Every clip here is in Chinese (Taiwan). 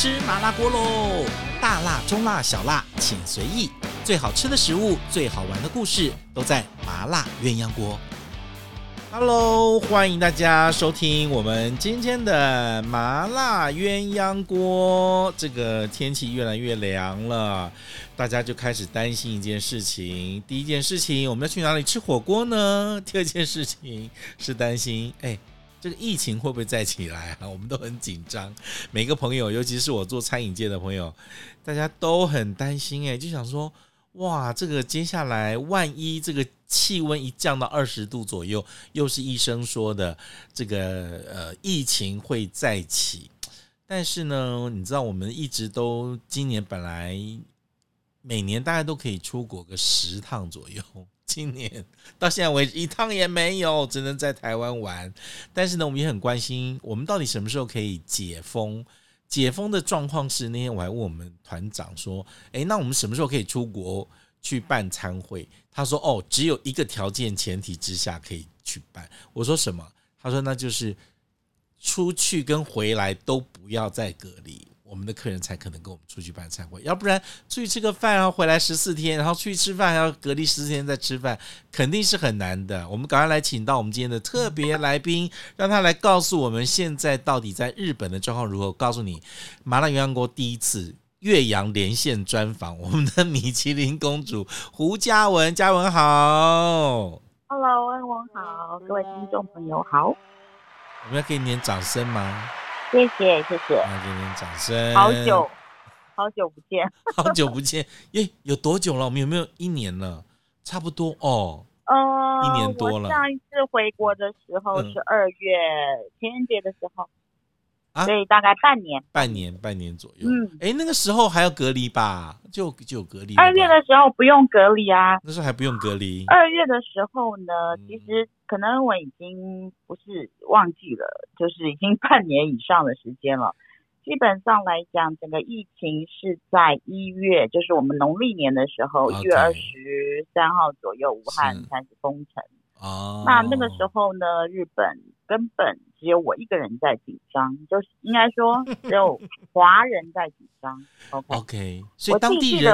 吃麻辣鍋嘍！大辣、中辣、小辣，請隨意。最好吃的食物，最好玩的故事，都在麻辣鴛鴦鍋。Hello，歡迎大家收聽我們今天的麻辣鴛鴦鍋。這個天氣越來越涼了，大家就開始擔心一件事情。第一件事情，我們要去哪裡吃火鍋呢？第二件事情是擔心，哎？這個疫情會不會再起來啊？我們都很緊張。每個朋友，尤其是我做餐飲界的朋友，大家都很擔心。哎，就想說，哇，這個接下來，萬一這個氣溫一降到二十度左右，又是醫生說的這個呃疫情會再起。但是呢，你知道，我們一直都今年本來每年大概都可以出國個十趟左右。今年到現在為止一趟也沒有，只能在台灣玩。但是呢，我們也很關心，我們到底什麼時候可以解封？解封的狀況是那天我還問我們團長說：“誒、欸，那我們什麼時候可以出國去辦餐會？”他說：“哦，只有一個條件前提之下可以去辦。”我說：“什麼？”他說：“那就是出去跟回來都不要再隔離。”我們的客人才可能跟我們出去辦餐會，要不然出去吃個飯，然後回來十四天，然後出去吃飯要隔離十四天再吃飯，肯定是很難的。我們趕快來請到我們今天的特別來賓，讓他來告訴我們現在到底在日本的狀況如何。告訴你，麻辣鴛鴦鍋第一次越洋連線專訪我們的米其林公主胡家雯。家雯好，Hello，雯雯好，各位聽眾朋友好，我們要給你點掌聲嗎？謝謝謝謝，謝謝，那來點掌聲。好久，好久不見， 好久不見。耶、欸，有多久了？我們有沒有一年了？差不多哦。嗯、呃，一年多了。上一次回國的時候是二月情人節的時候、嗯，所以大概半年、啊，半年，半年左右。嗯，哎、欸，那個時候還要隔離吧？就就有隔離。二月的時候不用隔離啊，那時候還不用隔離。二月的時候呢，其、嗯、實。可能我已經不是忘記了，就是已經半年以上的時間了。基本上來講，整個疫情是在一月，就是我們農曆年的時候，一，okay. 月二十三號左右，武漢開始封城。哦，oh. 那那個時候呢，日本根本只有我一個人在緊張，就是應該說只有華人在緊張。OK，okay. Okay. 所以當地人。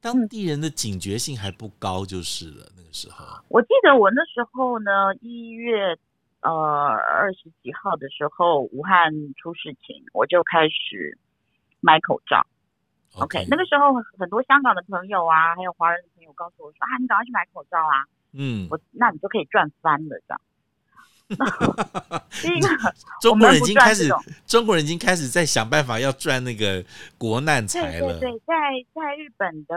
當地人的警覺性還不高就是了。那個時候，我記得我那時候呢，一月呃二十幾號的時候，武漢出事情，我就開始買口罩。Okay, OK，那個時候很多香港的朋友啊，還有華人的朋友告訴我說啊，你趕快去買口罩啊。嗯，我那你就可以賺翻了這樣。哈哈，中國人已經開始，中國人已經開始在想辦法要賺那個國難財了。對，對，對，在在日本的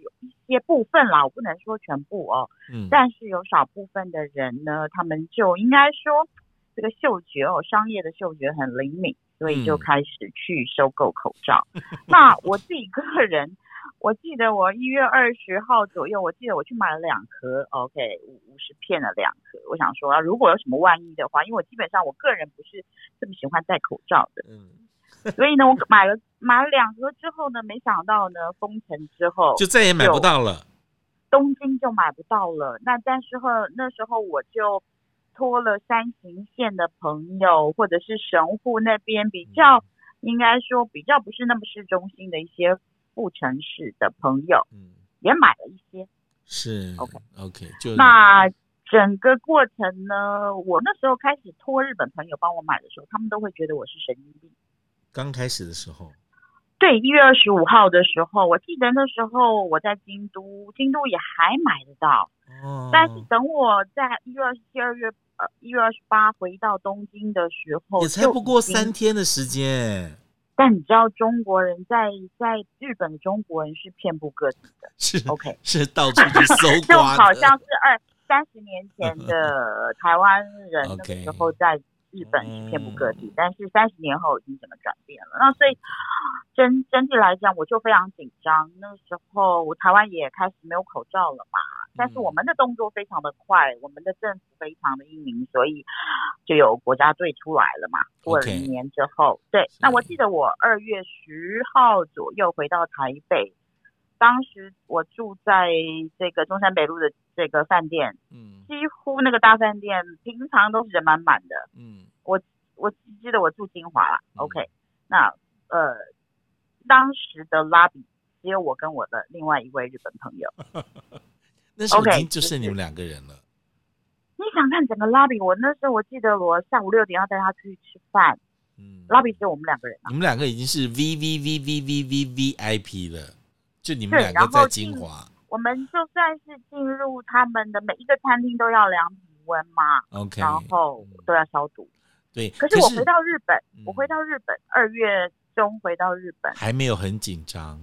有一些部分啦，我不能說全部哦。嗯，但是有少部分的人呢，他們就應該說這個嗅覺哦，商業的嗅覺很靈敏，所以就開始去收購口罩。嗯。那我自己個人， 我記得我一月二十號左右，我記得我去買了兩盒，OK，五五十片的兩盒。我想說啊，如果有什麼萬一的話，因為我基本上我個人不是這麼喜歡戴口罩的，嗯， 所以呢，我買了買了兩盒之後呢，沒想到呢，封城之後就，就再也買不到了，東京就買不到了。那但是後那時候我就托了山形縣的朋友，或者是神戶那邊比較、嗯、應該說比較不是那麼市中心的一些。不誠實的朋友，嗯，也買了一些，是 OK OK。Okay, 就是，那整個過程呢，我那時候開始托日本朋友幫我買的時候，他們都會覺得我是神經病。剛開始的時候，對，一月二十五號的時候，我記得那時候我在京都，京都也還買得到，哦、但是等我在一月二十七、二月呃一月二十八回到東京的時候，也才不過三天的時間。但你知道中國人在在日本，中國人是遍佈各地的，是 OK，是到處去搜刮的 就好像是二三十年前的台灣人 那個時候在日本是遍佈各地，okay、但是三十年後已經怎麼轉變了、嗯？那所以真整體來講，我就非常緊張。那時候我台灣也開始沒有口罩了嘛。但是我們的動作非常的快、嗯，我們的政府非常的英明，所以就有國家隊出來了嘛。過了一年之後，對，那我記得我二月十號左右回到台北，當時我住在這個中山北路的這個飯店，嗯，幾乎那個大飯店平常都是人滿滿的，嗯，我我記得我住京華、嗯、，OK，啦那呃，當時的 Lobby 只有我跟我的另外一位日本朋友。 那時已經就剩你們兩個人了。Okay, 你想看整個 lobby？我那時候我記得，我下午六點要帶他出去吃飯。嗯，lobby 只有我們兩個人，啊。你們兩個已經是 VVVVVVVIP 了，就你們兩個在金華。我們就算是進入他們的每一個餐廳都要量體溫嘛。OK。然後都要消毒。嗯、對。可是我回到日本，嗯、我回到日本二月中回到日本，還沒有很緊張。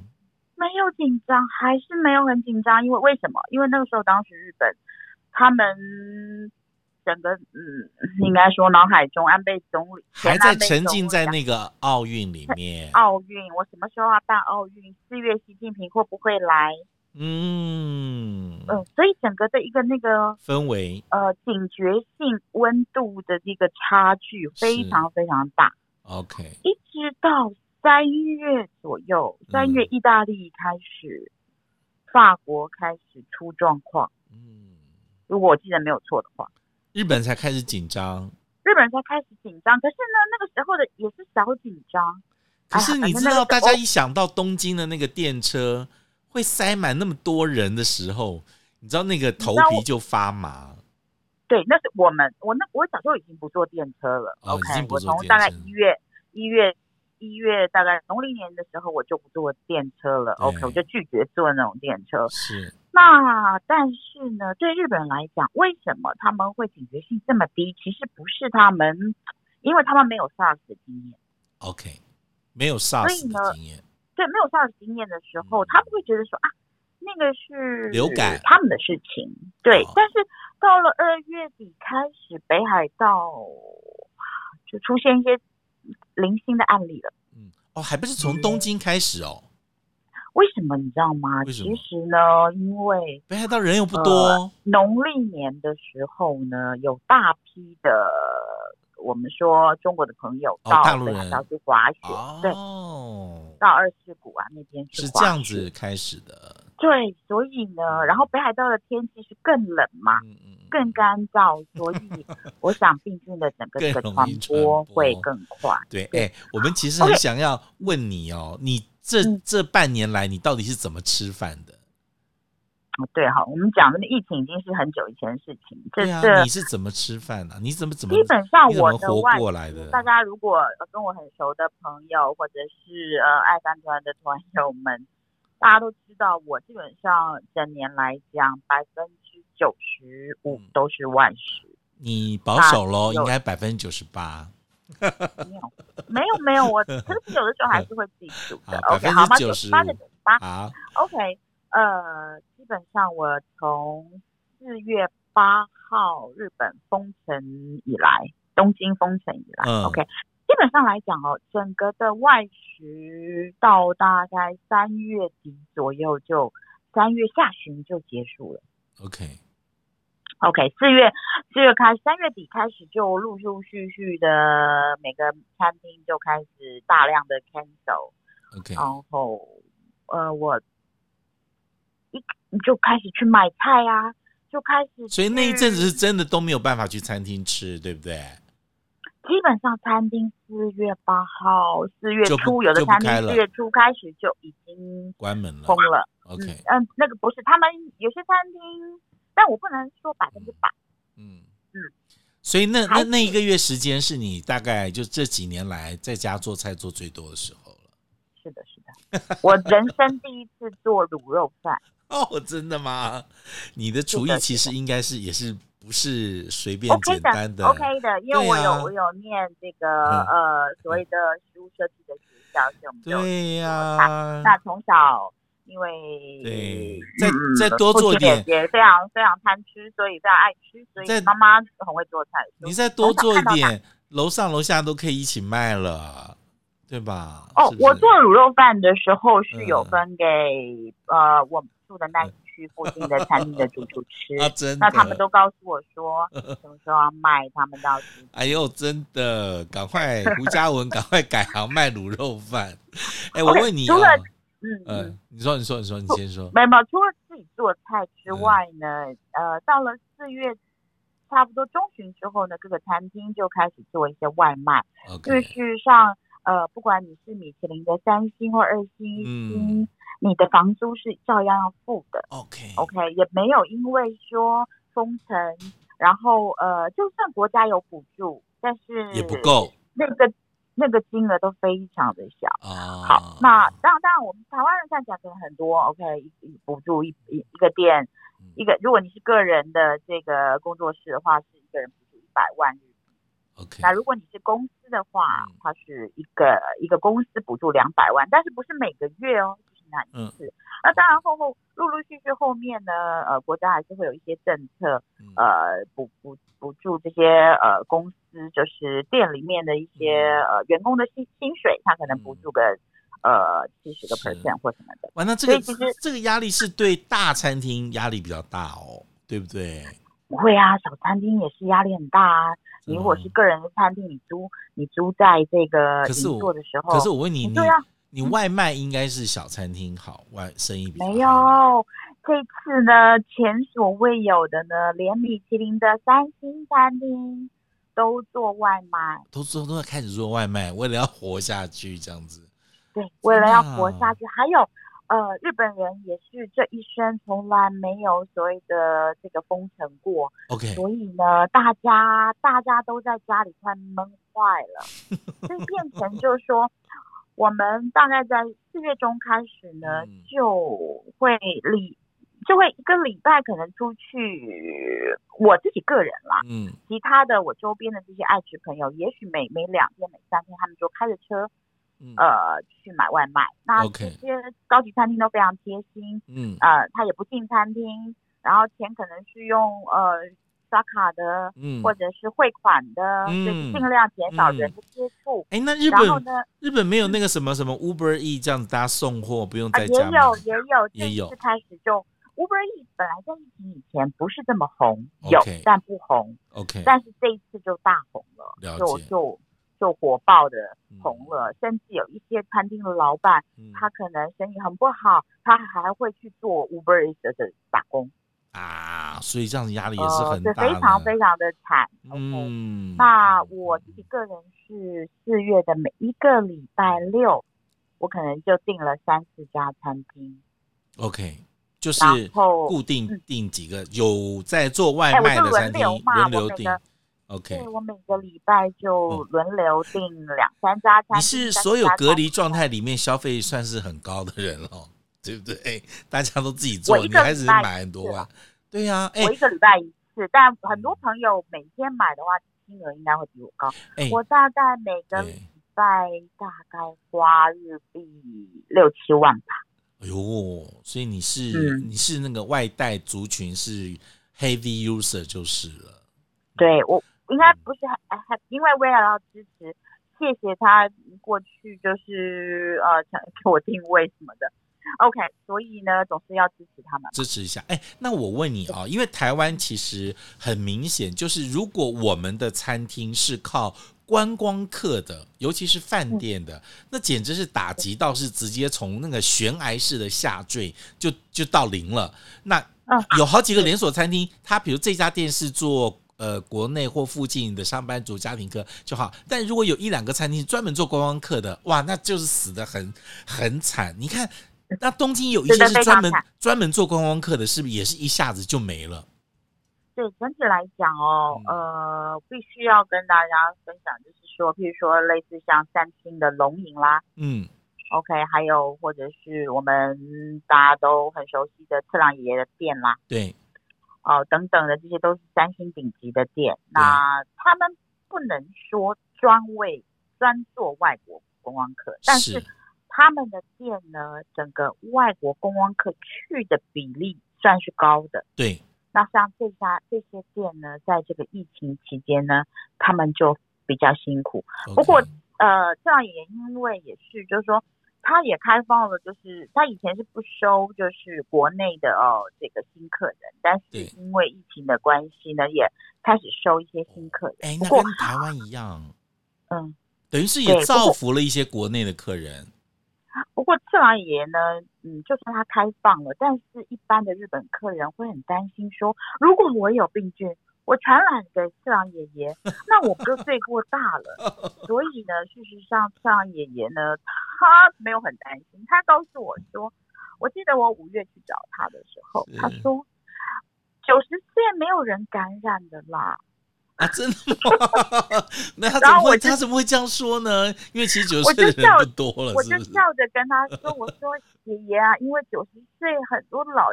沒有緊張，還是沒有很緊張，因為為什麼？因為那個時候，當時日本他們整個，嗯，應該說腦海中，安倍總理還在沉浸在那個奧運裡面。奧運，我什麼時候要辦奧運？四月，習近平會不會來？嗯嗯，所以整個的一個那個氛圍，呃，警覺性溫度的一個差距非常非常大。OK，一直到。三月左右，三月意大利開始，嗯，法國開始出狀況。嗯，如果我記得沒有錯的話，日本才開始緊張。日本才開始緊張，可是呢，那個時候的也是小緊張。可是你知道，大家一想到東京的那個電車會塞滿那麼多人的時候，你知道那個頭皮就發麻。對，那是我們，我那我早就已經不坐電車了。哦、okay, 已經不坐電車，我從大概一月一月。一月大概農曆年的時候，我就不坐電車了。OK，我就拒絕坐那種電車。是那，但是呢，對日本人來講，為什麼他們會警覺性這麼低？其實不是他們，因為他們沒有 SARS 的經驗。OK，沒有 SARS 經驗。所以呢，對，沒有 SARS 經驗的時候，他們會覺得說啊，那個是流感，他們的事情。對、哦，但是到了二月底開始，北海道就出現一些。零星的案例了，嗯，哦，還不是從東京開始哦、嗯，為什麼你知道嗎？為什麼？其實呢，因為北海道人又不多、哦，農、呃、歷年的時候呢，有大批的我們說中國的朋友、哦、到北海道去滑雪、哦，對，哦、到二世谷啊那邊是，是這樣子開始的。對，所以呢，然後北海道的天氣是更冷嘛，嗯、更乾燥，所以我想病菌的整個的傳播會更快。更對，哎、欸，我們其實很想要問你哦，okay, 你這這半年來，你到底是怎麼吃飯的？啊、嗯，對哈、啊，我們講的疫情已經是很久以前的事情。真的、啊，你是怎麼吃飯呢、啊？你怎麼怎麼基本上我活過來的。大家如果跟我很熟的朋友，或者是呃愛飯團的團友們。大家都知道，我基本上整年來講，百分之九十五都是萬十、嗯。你保守咯，應該百分之九十八。沒有，沒有，沒有我，可是有的時候還是會自己數的。百分之九十八就百分之九十八。o、okay, k、okay, okay, 呃，基本上我從四月八號日本封城以來，東京封城以來、嗯、，OK。基本上來講哦，整個的外食到大概三月底左右，就三月下旬就結束了。OK，OK，Okay。Okay，四月四月開三月底開始就陸陸續續的每個餐廳就開始大量的 cancel okay。OK，然後呃我一就開始去買菜啊，就開始，所以那一陣子是真的都沒有辦法去餐廳吃，對不對？基本上，餐廳四月八號，四月初有的餐廳四月初開始就已經關門了，關門了封了。OK，嗯，那個不是，他們有些餐廳，但我不能說百分之百。嗯嗯，所以那那那一個月時間是你大概就這幾年來在家做菜做最多的時候了。是的，是的，我人生第一次做滷肉飯。 哦，真的嗎？你的廚藝其實應該是，是，是也是。不是隨便簡單的。OK 的，OK 的，因為我有、啊、我有念這個、嗯、呃所謂的食物設計的學校，有沒有對呀、啊。那從小因為對再再多做一點，嗯、姐姐姐也非常非常貪吃，所以非常愛吃，所以媽媽很會做菜。你再多做一點， 樓上樓下都可以一起賣了，對吧？哦，是是我做滷肉飯的時候是有分給、嗯、呃我們住的那。嗯去附近的餐廳的主煮吃、 啊，那他們都告訴我說，什麼時候要賣，他們要。哎呦，真的，趕快胡家雯，趕 快改行賣滷肉飯。哎、欸，okay, 我問你，除了、啊嗯，嗯，你說，你說，你說，你先說，沒有，除了自己做菜之外呢，嗯、呃，到了四月差不多中旬之後呢，各個餐廳就開始做一些外賣，就是像呃，不管你是米其林的三星或二星一星。嗯你的房租是照樣要付的。OK OK，也沒有因為說封城，然後呃，就算國家有補助，但是、那個、也不夠。那個那個金額都非常的小啊。好，那當然，當然我們台灣人看起來很多。OK，一補助一一個店，嗯，一個如果你是個人的這個工作室的話，是一個人補助一百萬日元。OK，那如果你是公司的話，它，嗯，是一個一個公司補助兩百萬，但是不是每個月哦。那是那當然後後陸陸續，續續後面呢，呃，國家還是會有一些政策，呃，補補補，補助這些呃公司，就是店裡面的一些、嗯、呃員工的薪薪水，他可能補助個呃七十個 percent 或什麼的。完了這個，所以其實這個壓力是對大餐廳壓力比較大哦，對不對？不會啊，小餐廳也是壓力很大啊。你、嗯、如果是個人的餐廳，你租你租，你租在這個工作的時候可，可是我問你，你、啊。你你外賣應該是小餐廳好，外、嗯、生意比較好沒有。這次呢，前所未有的呢，連米其林的三星餐廳都做外賣，都都都在開始做外賣，為了要活下去這樣子。對，為了要活下去。啊、還有，呃，日本人也是這一生從來沒有所謂的這個封城過。OK，所以呢，大家大家都在家裡快悶壞了，所以變成就是說。 我們大概在四月中開始呢，嗯、就會禮就會一個禮拜可能出去，我自己個人啦，嗯，其他的我周邊的這些愛吃朋友，也許每每兩天、每三天，他們就開着車、嗯，呃，去買外賣。那這些高級餐廳都非常貼心，嗯，呃，他也不進餐廳，然後錢可能是用呃。刷卡的，嗯，或者是匯款的，嗯，就儘、是、量減少人的接觸。哎、嗯嗯，那日本呢？日本沒有那個什麼什麼 Uber Eats 這樣子，大家送貨不用在、啊、也有，也有，這一次開始就 Uber Eats，本來在疫情以前不是這麼紅，有，okay, 但不紅。OK。但是這一次就大紅了，了就就就火爆的紅了、嗯，甚至有一些餐廳的老板、嗯，他可能生意很不好，他還會去做 Uber Eats 的打工啊。所以這樣子壓力也是很大、呃，是非常非常的慘。Okay, 嗯，那我自己個人是四月的每一個禮拜六，我可能就訂了三四家餐廳。OK，就是固定訂幾個有在做外賣的餐廳輪流訂。OK，我每個禮、okay, 拜就輪流訂兩三,家餐,、嗯、三家餐廳。你是所有隔離狀態裡面消費算是很高的人了、哦，對不對？大家都自己做，你還是買很多啊。對呀、啊，欸，我一個禮拜一次，但很多朋友每天買的話，金額應該會比我高、欸。我大概每個禮拜大概花日幣六七萬吧。哎呦，所以你是、嗯、你是那個外帶族群是 heavy user 就是了。對我應該不是很很、嗯，因為為了要支持，謝謝他過去就是、呃、想給我定位什麼的。OK，所以呢，總是要支持他們，支持一下。誒、欸，那我問你哦，因為台灣其實很明顯，就是如果我們的餐廳是靠觀光客的，尤其是飯店的、嗯，那簡直是打擊到是直接從那個懸崖式的下墜，就就到零了。那有好幾個連鎖餐廳，他、嗯、比如這家店是做呃國內或附近的上班族家庭客就好，但如果有一兩個餐廳是專門做觀光客的，哇，那就是死得很很慘。你看。那東京有一些是專門專門做觀光客的，是不是也是一下子就沒了？對，整體來講哦、嗯，呃，必須要跟大家分享，就是說，譬如說，類似像三星的龍吟啦，嗯，OK，還有或者是我們大家都很熟悉的次郎爺爺的店啦，對，哦、呃，等等的，這些都是三星頂級的店。那他們不能說專為專做外國觀光客，是但是。他們的店呢，整個外國觀光客去的比例算是高的。對，那像這家這些店呢，在這個疫情期間呢，他們就比較辛苦。Okay. 不過，呃，這樣也因為也是，就是說，他也開放了，就是他以前是不收，就是國內的哦，這個新客人。對。但是因為疫情的關係呢，也開始收一些新客人。哎，那跟台灣一樣。嗯。等於是也造福了一些國內的客人。不過次郎爺爺呢，嗯，就算他開放了，但是一般的日本客人會很擔心說，說如果我有病菌，我傳染給次郎爺爺，那我不就罪過大了。 所以呢，事實上次郎爺爺呢，他沒有很擔心，他告訴我說，我記得我五月去找他的時候，他說九十歲沒有人感染的啦。啊，真的嗎？ 那他怎麼會他怎麼會這樣說呢？因為其實九十歲的人我就笑就多了是是，我就笑着跟他說：“我說爺爺 啊，因為九十歲很多老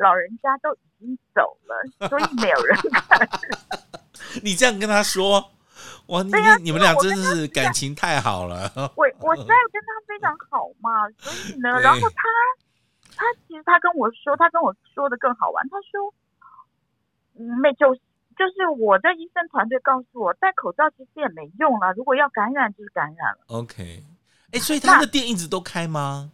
老人家都已經走了， 所以沒有人看 。”你這樣跟他說， 哇！你、啊、你們倆真的是感情太好了。我 我現在跟他非常好嘛， 所以呢，然後他他其實他跟我說，他跟我說的更好玩，他說：“那、嗯、就。”是。就是我的醫生團隊告訴我，戴口罩其實也沒用了。如果要感染，就是感染了。OK，欸，所以他的店一直都開嗎？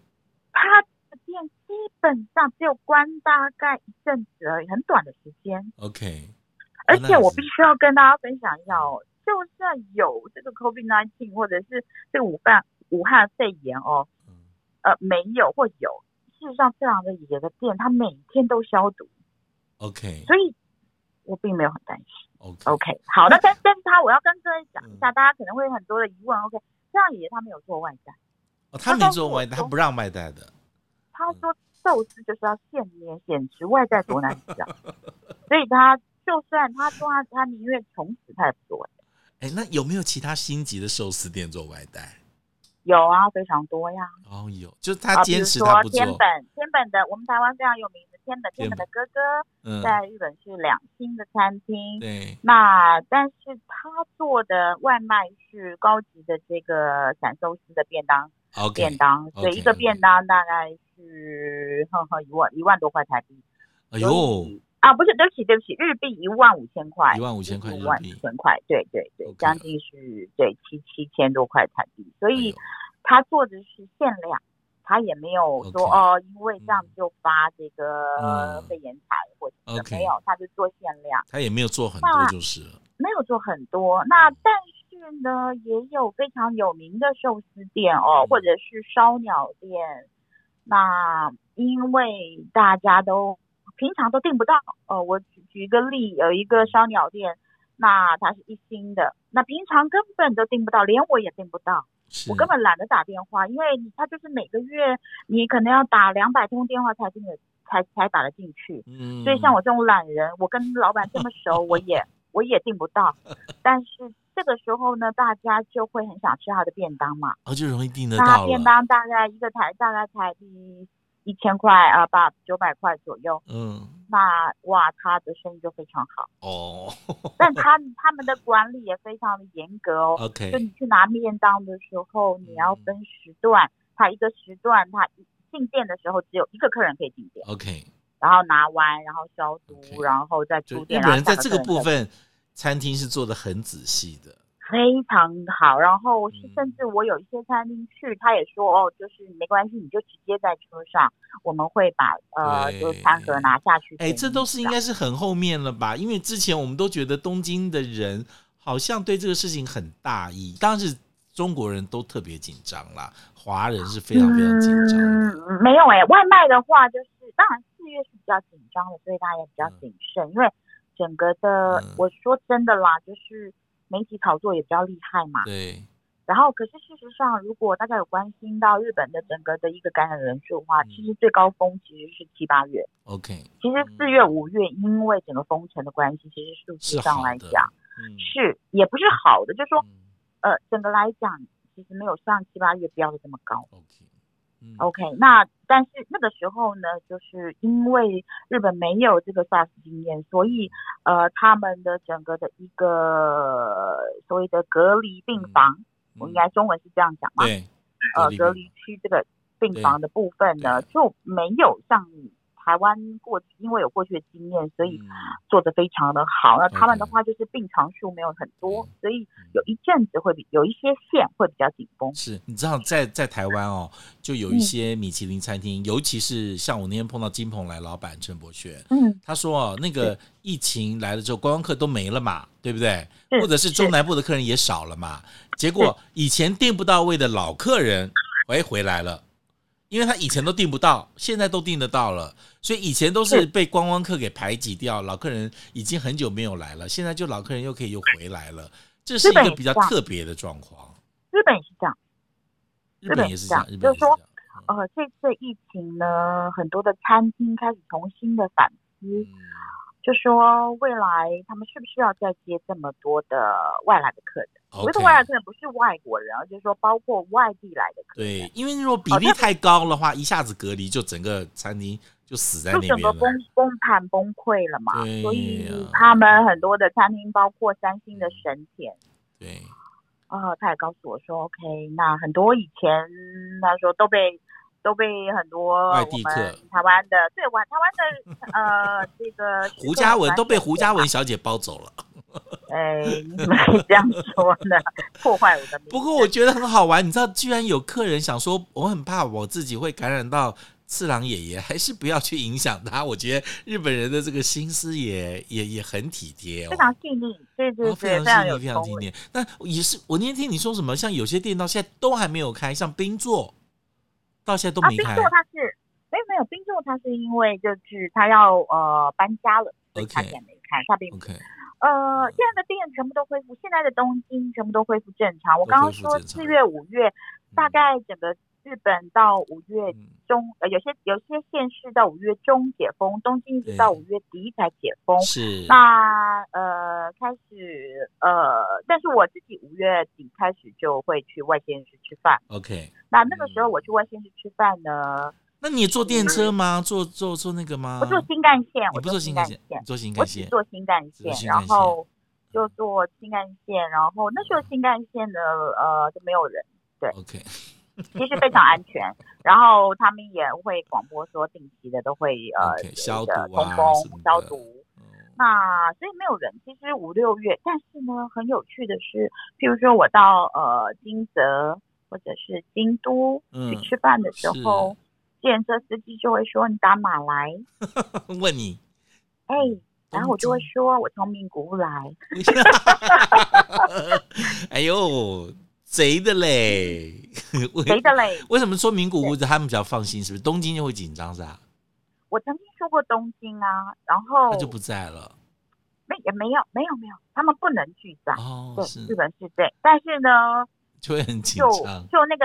他，他的店基本上只有關大概一陣子而已，很短的時間。OK，而且我必須要跟大家分享一下哦，啊、是就算有這個 COVID-19 或者是這個武漢武漢肺炎哦，嗯，呃，沒有或有，事實上，這樣的一個店，他每天都消毒。OK，所以。我並沒有很擔心。O、okay. K，、okay, 好的，那跟跟他，我要跟各位講一下、嗯，大家可能會有很多的疑問。O K，這樣也，他沒有做外帶，哦，他沒做外帶，他不讓外帶的。他說壽司就是要現捏，簡直外帶多難講。說說嗯、 所以他就，他， 他就算他說他他寧願窮死，他也不做。哎、欸，那有沒有其他星級的壽司店做外帶？有啊，非常多呀。哦，有，就是他堅持他不做。啊、天本天本的，我們台灣非常有名。天的天的哥哥、嗯、在日本是兩星的餐廳，對那但是他做的外賣是高級的這個散壽司的便當，okay, 便當，所以一個便當大概是哼哼、okay, okay.，一萬一萬多塊台幣，哎、呦。啊不是，對不起對不起，日幣一萬五千塊，一萬五千塊一萬五千塊，對對對，對對 okay. 將近是對七七千多塊台幣，所以他做的是限量。哎他也沒有說哦、okay, 呃，因為這樣就發這個肺炎卡或者、嗯、okay, 沒有，他就做限量。他也沒有做很多，就是沒有做很多。那但是呢，也有非常有名的壽司店哦，或者是燒鳥店、嗯。那因為大家都平常都訂不到哦、呃，我舉舉一個例，有一個燒鳥店，那它是一星的，那平常根本都訂不到，連我也訂不到。我根本懶得打電話，因為他就是每個月你可能要打兩百通電話才進、的、才才、才打得進去。嗯。所以像我這種懶人，我跟老闆這麼熟，我也 我也訂不到。但是這個時候呢，大家就會很想吃他的便當嘛，而、啊、就容易訂得到。他便當大概一個台大概台幣一千塊啊，八九百塊左右。嗯。那哇，他的生意就非常好哦。Oh. 但他他們的管理也非常的嚴格哦。OK，就你去拿面當的時候，你要分時段，他、嗯、一個時段，他進店的時候只有一個客人可以進店。OK，然後拿完，然後消毒，okay. 然後再出店。可能在這個部分，餐廳是做得很仔細的。非常好，然後甚至我有一些餐廳去，嗯、他也說哦，就是沒關係，你就直接在車上，我們會把呃，就是餐盒拿下去。哎，這都是應該是很後面了吧，嗯？因為之前我們都覺得東京的人好像對這個事情很大意，當時中國人都特別緊張啦，華人是非常非常緊張。嗯，沒有哎、欸，外賣的話就是當然四月是比較緊張的，所以大家也比較謹慎，嗯，因為整個的、嗯、我說真的啦，就是。媒體炒作也比較厲害嘛，對。然後，可是事實上，如果大家有關心到日本的整個的一個感染人數的話，嗯、其實最高峰其實是七八月。OK。其實四月、五月，因為整個封城的關係，其實數據上來講是，嗯、是也不是好的，嗯、就說呃，整個來講其實沒有像七八月標的這麼高。OK。OK，那但是那個時候呢，就是因為日本沒有這個 SARS 經驗，所以呃，他們的整個的一個所謂的隔離病房，嗯、我應該中文是這樣講嗎？對，呃，隔離區這個病房的部分呢，就沒有像你。台灣過去因為有過去的經驗，所以做得非常的好。那、嗯啊、他們的話就是病床數沒有很多、嗯，所以有一陣子會比有一些線會比較緊繃。是你知道，在在台灣哦，就有一些米其林餐廳，嗯、尤其是像我那天碰到金蓬萊老板陳伯學，嗯，他說、哦、那個疫情來了之後，觀光客都沒了嘛，對不對？或者是中南部的客人也少了嘛。結果以前訂不到位的老客人，哎，回來了。因為他以前都訂不到，現在都訂得到了，所以以前都是被觀光客給排擠掉，老客人已經很久沒有來了，現在就老客人又可以又回來了，這是一個比較特別的狀況。日本也是這樣，日本也是這樣，日本也是這樣。這樣就是說，嗯、呃，這次疫情呢，很多的餐廳開始重新的反思。嗯就說未來他們是不是要再接這麼多的外來的客人？我說外來的客人不是外國人，就是說包括外地來的客人。對，因為如果比例太高的話、哦，一下子隔離就整個餐廳就死在那裡，就整個崩崩盤崩潰了嘛、啊。所以他們很多的餐廳，包括三星的神田，對，啊、呃，他也告訴我說，OK，那很多以前他說都被。都被很多外地客，台灣的，對，玩台灣的，呃，這個胡家雯都被胡家雯小姐包走了。哎，你怎麼這樣說呢？ 破壞我的名。不過我覺得很好玩，你知道，居然有客人想說，我很怕我自己會感染到次郎爺爺，還是不要去影響他。我覺得日本人的這個心思也也也很體貼，哦，非常細膩，對對對，哦、非常非常有非常細膩。那也是，我那天聽你說什麼，像有些店到現在都還沒有開，像冰座。到現在都沒開、啊。啊，冰凍他是，哎沒有，冰凍，他是因為就是他要呃搬家了，所以他也沒開。並不開，okay. 呃，現在的店全部都恢復，現在的東京全部都恢復正常。我剛剛說四月五月大概整個。日本到五月中、嗯，呃，有些有些縣市到五月中解封，東京一直到五月底才解封。是，那呃，開始呃，但是我自己五月底開始就會去外縣去吃飯。OK，、嗯、那那個時候我去外縣去吃飯呢、嗯？那你坐電車嗎？嗯、坐坐坐那個嗎？我坐新幹線。我不坐新幹線。坐新幹線。我只坐新幹線，然後就坐新幹線、嗯、新幹線，然後那時候新幹線呢、嗯、呃就沒有人。對。OK。其實非常安全， 然後他們也會廣播說，定期的都會 okay, 呃消毒，啊、通風、消毒。嗯、那所以沒有人。其實五六月，但是呢，很有趣的是，譬如說我到呃金澤或者是京都，嗯、去吃飯的時候，計程車司機就會說：“你打馬來？” 問你？哎，欸，然後我就會說：“我從名古屋來。 ” 哎呦！誰的嘞，誰的, 的嘞！為什麼說名古屋子，他們比較放心，是不是？東京就會緊張是吧？我曾經說過東京啊，然後他就不在了，沒也沒有沒有沒有，他們不能去在、哦，對，日本是這但是呢，就會很緊張就就那個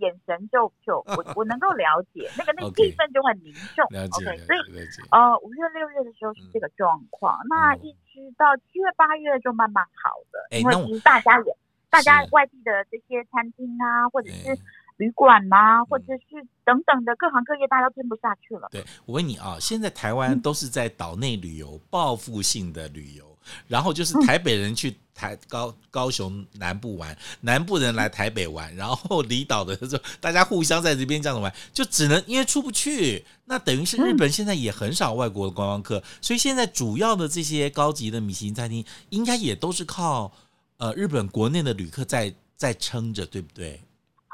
眼神就就我 我能夠了解， 那個那氣氛就很凝重。ok, okay。所以哦，呃、五月六月的時候是這個狀況、嗯，那一直到七月八月就慢慢好了，嗯、因為大家也。 大家外地的這些餐廳啊，或者是旅館吶、啊欸，或者是等等的各行各業，大家都撐不下去了對。對我問你啊，現在台灣都是在島內旅遊，報、嗯、復性的旅遊，然後就是台北人去台高、嗯、高雄南部玩，南部人來台北玩，然後離島的時候大家互相在這邊這樣子玩，就只能因為出不去，那等於是日本現在也很少外國的觀光客、嗯，所以現在主要的這些高級的米其林餐廳，應該也都是靠。呃，日本國內的旅客在在撐着，對不對？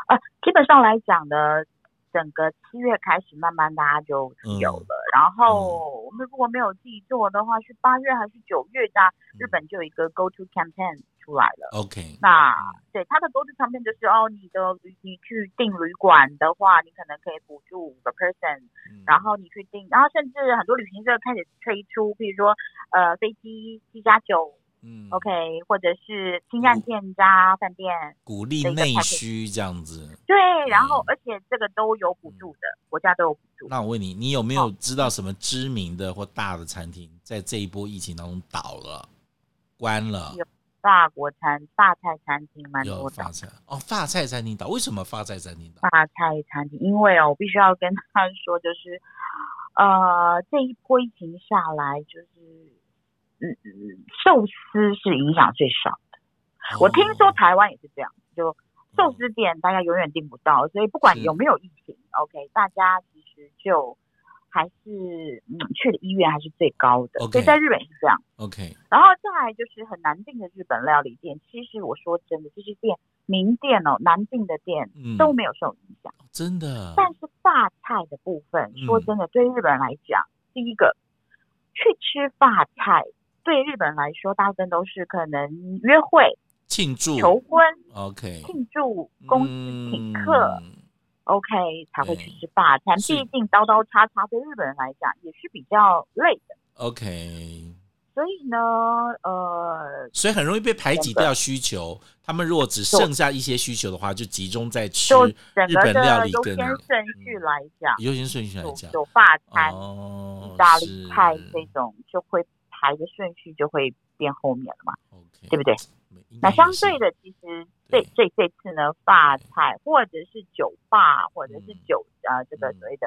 呃，基本上來講的，整個七月開始，慢慢大家就有了。嗯、然後我們、嗯、如果沒有記錯的話，是八月還是九月大，日本就有一個 Go to Campaign 出來了。嗯、那 OK，那對他的 Go to Campaign 就是哦，你的你去訂旅館的話，你可能可以補助五個 person、嗯、然後你去訂，然後甚至很多旅行社開始推出，比如說呃，飛機七加九。嗯，OK，或者是清佔店家飯店，鼓勵內需這樣子。對，然後而且這個都有補助的，國家都有補助。那我問你，你有沒有知道什麼知名的或大的餐廳在這一波疫情當中倒了、關了？有法國餐、法菜餐廳蠻多的。有法菜哦，法菜餐廳倒，為什麼法菜餐廳倒？法菜餐廳，因為哦，我必須要跟他說，就是呃，這一波疫情下來，就是。嗯，壽司是影響最少的。Oh. 我聽說台灣也是這樣，就壽司店大家永遠訂不到，所以不管有沒有疫情，OK，大家其實就還是、嗯、去的意願還是最高的。OK，所以在日本是這樣，OK。然後再來就是很難訂的日本料理店，其實我說真的，這些店名店哦，難訂的店都沒有受影響，嗯、真的。但是法菜的部分，說真的、嗯，對日本人來講，第一個去吃法菜。對日本來說，大部分都是可能約會、慶祝、求婚、OK、慶祝公司、嗯、請客、OK 才會去吃大餐。畢竟刀刀叉、叉叉對日本人來講是也是比較累的。OK，所以呢，呃，所以很容易被排擠掉需求。這個、他們如果只剩下一些需求的話，就集中在吃日本料理跟就整個的優先順序來講，優、嗯、先順序來講，有大餐、意、哦、大利菜這種就會排的順序就會變後面了嘛，okay, 對不對，啊？那相對的，其實這這這次呢，法菜或者是酒吧，或者是酒、嗯、啊，這個所謂的、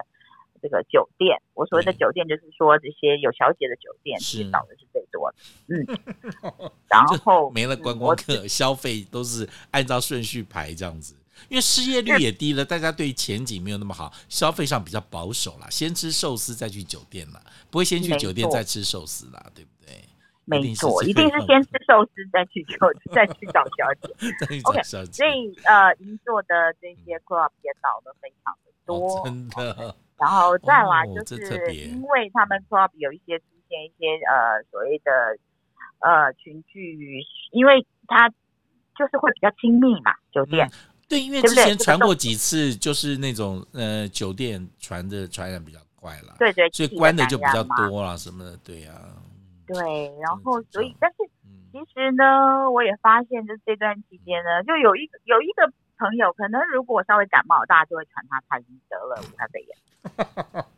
嗯、這個酒店，我所謂的酒店就是說這些有小姐的酒店，倒的是最多的。嗯， 然後沒了觀光客、嗯，消費都是按照順序排這樣子。因為失業率也低了，大家對前景沒有那麼好，消費上比較保守啦，先吃壽司再去酒店啦，不會先去酒店再吃壽司啦，對不對？沒錯，一定是，一定是先吃壽司再去酒， 再，去 再去找小姐。OK，所以呃，銀座的這些 club 也倒得非常的多，哦、真的。Okay, 然後再來就是、哦、特因為他們 club 有一些出現一些呃所謂的呃群聚，因為他就是會比較親密嘛，酒店。嗯對，因為之前傳過幾次，就是那種對對呃酒店傳的傳染比較快啦，對對，所以關的就比較多啦什，什麼的，對呀、啊。對，然後所以、嗯，但是其實呢，我也發現，就是這段期間呢，就有一個有一個朋友，可能如果稍微感冒大，大家就會傳他，他已經得了武漢肺炎。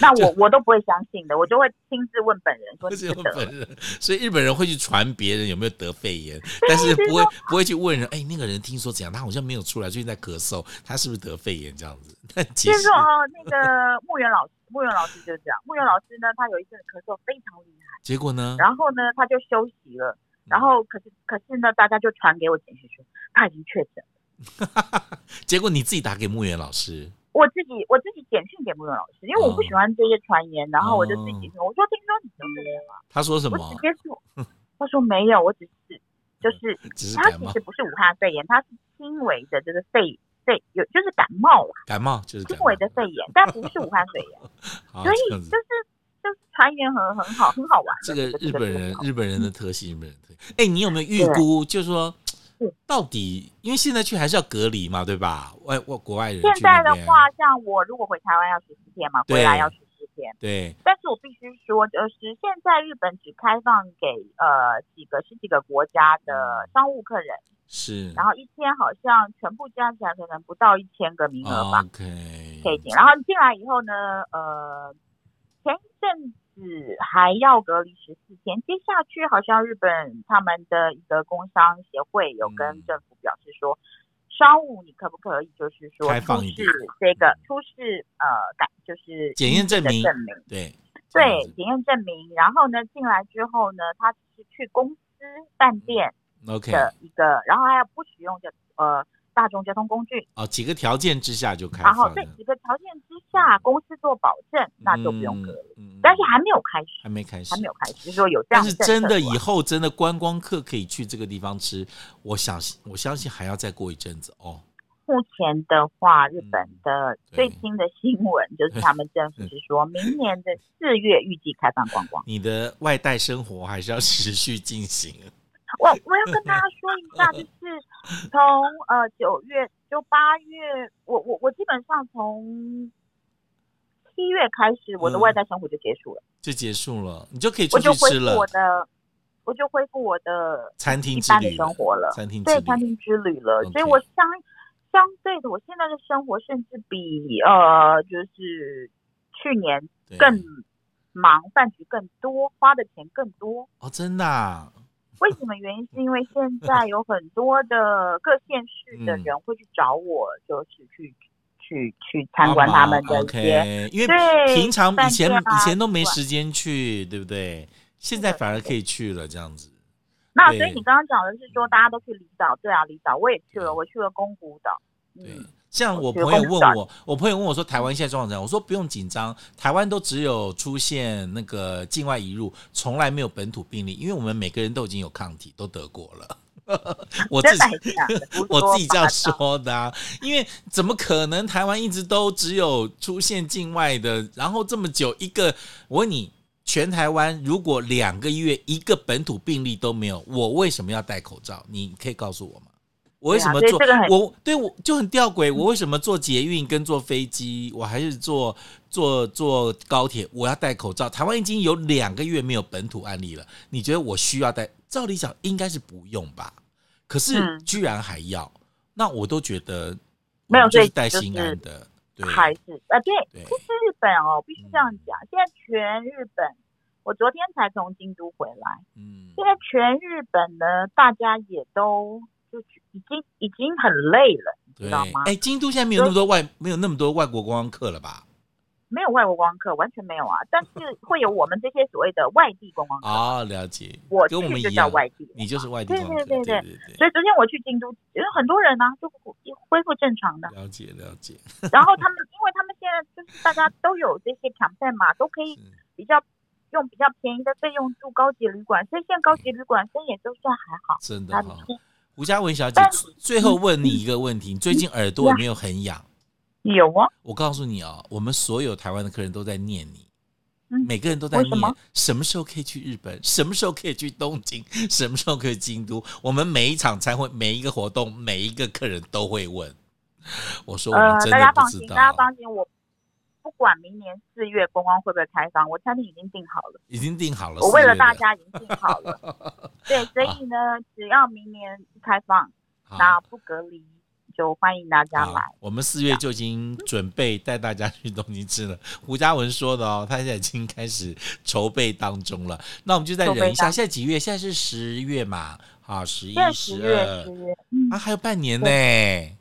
那我我都不會相信的，我就會親自問本人，說不得了。所以日本人會去傳別人有沒有得肺炎，但是不會不會去問人。哎、欸，那個人聽說怎樣？他好像沒有出來，最近在咳嗽，他是不是得肺炎這樣子？其實說哦，那個牧原老師， 牧原老師就是這樣。牧原老師呢，他有一次咳嗽非常厲害，結果呢，然後呢，他就休息了。然後可是可是呢，大家就傳給我簡訊說他已經確診了。 結果你自己打給牧原老師。我自己我自己簡訊給慕容老師，因為我不喜歡這些傳言，哦、然後我就自己說，我說聽說你得肺炎了，他說什麼？我直接說，他說沒有，我只是就是他其實不是武漢肺炎，他是輕微的這個肺肺有就是感冒啊，感冒就是輕微的肺炎，但不是武漢肺炎， 所以就是就是傳言很很好很好玩。這個日本人、嗯、日本人的特性日本人特性哎、欸，你有沒有預估，就是說？嗯、到底，因為現在去還是要隔離嘛，對吧？外外國外人。現在的話，像我如果回台灣要十四天嘛，回來要十四天。對。但是我必須說，就是現在日本只開放給呃幾個十幾個國家的商務客人。是。然後一天好像全部加起來可能不到一千個名額吧。OK。可以進。然後進來以後呢，呃，前一陣子。是還要隔離十四天，接下去好像日本他們的一個工商協會有跟政府表示說、嗯，商務你可不可以就是說、這個，開放一點、這個、嗯、出示呃，就是檢驗證明，證明對對檢驗證明。然後呢，進來之後呢，他只是去公司飯店，OK 的一個，okay. 然後還要不使用的呃。大眾交通工具哦，幾個條件之下就開。然後這幾個條件之下、嗯，公司做保證，那就不用隔離、嗯嗯。但是還沒有開始，還沒開始，還沒有開始，就是說有這樣的。但是真的以後真的觀光客可以去這個地方吃，我想我相信還要再過一陣子哦。目前的話，日本的最新的新聞、嗯、就是他們政府是說明年的四月預計開放觀光。 你的外帶生活還是要持續進行。我我要跟大家說一下， 就是從呃九月就八月，我我我基本上從七月開始，我的外帶生活就結束了、嗯，就結束了，你就可以出去吃了。我就恢復我的，我就恢復我的餐廳之旅生活了，餐廳對餐廳之旅了。旅了旅了 okay. 所以，我相相對的，我現在的生活甚至比呃就是去年更忙，飯局更多，花的錢更多哦，真的、啊。為什麼原因？是因為現在有很多的各縣市的人會去找我，就是去去去，去，去參觀他們的、啊啊。OK，因為對平常以前、啊、以前都沒時間去，對不對？現在反而可以去了，這樣子。那所以你剛剛講的是說大家都去離島，對啊，離島我也去了，我去了宮古島，嗯。對像我朋友問我，我朋友問我說：“台灣現在狀況怎樣？”嗯、我說：“不用緊張，台灣都只有出現那個境外移入，從來沒有本土病例，因為我們每個人都已經有抗體，都得過了。 ”我自己 我自己這樣說的、啊， 因為怎麼可能台灣一直都只有出現境外的，然後這麼久一個？我問你，全台灣如果兩個月一個本土病例都沒有，我為什麼要戴口罩？你可以告訴我嗎？我為什麼坐對、啊、我對我就很吊詭、嗯？我為什麼坐捷運跟坐飛機？我還是坐坐坐高鐵？我要戴口罩？台灣已經有兩個月沒有本土案例了，你覺得我需要戴？照理講應該是不用吧，可是居然還要，嗯、那我都覺得就沒有，這、就是戴心安的還是啊對對？對，就是日本哦，我必須這樣講、嗯。現在全日本，我昨天才從京都回來，嗯，現在全日本呢，大家也都就是。已經已經很累了，你知道嗎？哎，京都現在沒有那麼多外沒有那麼多外國觀光客了吧？沒有外國觀光客，完全沒有啊！但是會有我們這些所謂的外地觀光客， 觀光客啊，了解。我跟我們一樣外地，你就是外地。對對對對，對，對所以昨天我去京都，因為很多人呢、啊，就恢復正常的了解了解。了解 然後他們，因為他們現在就是大家都有這些キャンペーン嘛，都可以比較用比較便宜的費用住高級旅館，所以現在高級旅館生意、嗯、都算還好，真的好、哦。胡家雯小姐，最後問你一個問題：你你最近耳朵有沒有很癢、啊？有啊！我告訴你哦，我們所有台灣的客人都在念你，嗯、每個人都在念什。什麼時候可以去日本？什麼時候可以去東京？什麼時候可以京都？我們每一場餐會、每一個活動、每一個客人都會問。我說，我們真的不知道。呃不管明年四月觀光會不會開放，我餐廳已經訂好了，已經訂好了。我為了大家已經訂好了， 對，所以呢，啊、只要明年一開放，那、啊、不隔離就歡迎大家來。哎、我們四月就已經準備帶大家去東京吃了。嗯、胡家雯說的哦，他現在已經開始籌備當中了。那我們就再忍一下，現在幾月？現在是十月嘛？好 11, 十二月啊，十一、十二、十月啊，還有半年呢、欸。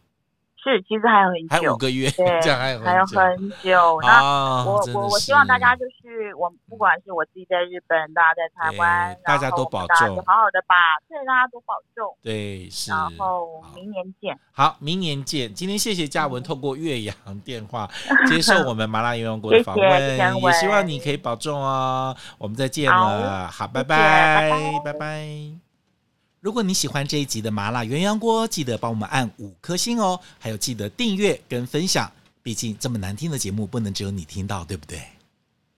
是，其實還有很久還五個月，這樣還有很久。還有很久。哦、那我我我希望大家就是，我不管是我自己在日本，大家在台灣，欸、大家都保重，好好的吧。對，大家多保重。對，是。然後明年見。好，好明年見。今天謝謝家雯透過越洋電話接受我們麻辣鴛鴦鍋的訪問 謝謝，也希望你可以保重哦。我們再見了，好，好拜、拜，謝謝拜拜，拜拜。如果你喜歡這一集的麻辣鴛鴦鍋，記得幫我們按五顆星哦，還有記得訂閱跟分享，畢竟這麼難聽的節目不能只有你聽到，對不對？